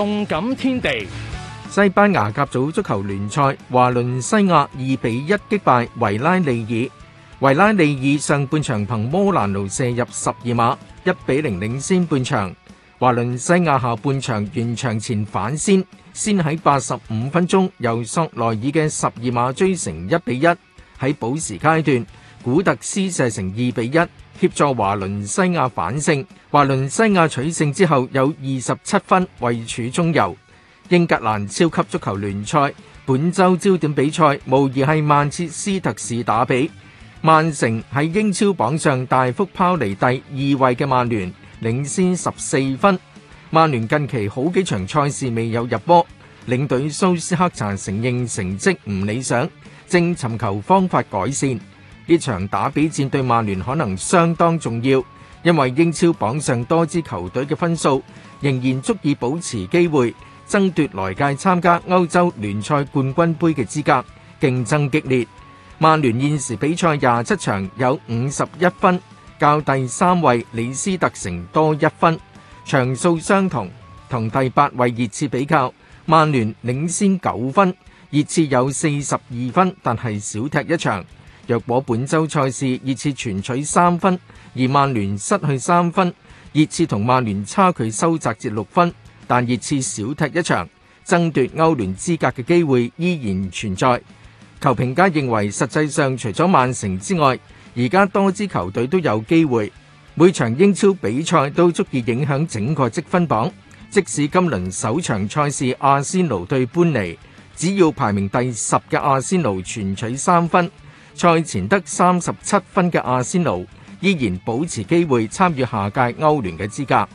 動感天地，西班牙甲組足球聯賽，華倫西亞二比一擊敗維拉利爾。維拉利爾上半場憑摩蘭奴射入十二碼，一比零領先半場。華倫西亞下半場完場前反先，先喺八十五分鐘由索萊爾嘅十二碼追成一比一。喺補時階段，古特斯射成二比一，協助華倫西亞反勝。華倫西亞取勝之後有二十七分，位處中游。英格蘭超級足球聯賽本周焦點比賽無疑係曼徹斯特市打吡。曼城喺英超榜上大幅拋離第二位嘅曼聯，領先十四分。曼聯近期好幾場賽事未有入波。領隊蘇斯克查承認成績唔理想，正尋求方法改善。呢場打比戰對曼聯可能相當重要，因為英超榜上多支球隊嘅分數仍然足以保持機會，爭奪來屆參加歐洲聯賽冠軍杯嘅資格。競爭激烈，曼聯現時比賽廿七場有五十一分，較第三位李斯特城多一分，場數相同，同第八位熱刺比較，曼聯領先九分，熱刺有四十二分，但係少踢一場。若果本周賽事熱刺全取三分，而曼聯失去三分，熱刺同曼聯差距收窄至六分，但熱刺少踢一場，爭奪歐聯資格嘅機會依然存在。球評家認為，實際上除咗曼城之外，而家多支球隊都有機會。每場英超比賽都足以影響整個積分榜。即使今輪首場賽事阿仙奴對般尼，只要排名第十嘅阿仙奴全取三分，賽前得三十七分嘅阿仙奴依然保持機會參與下屆歐聯嘅資格。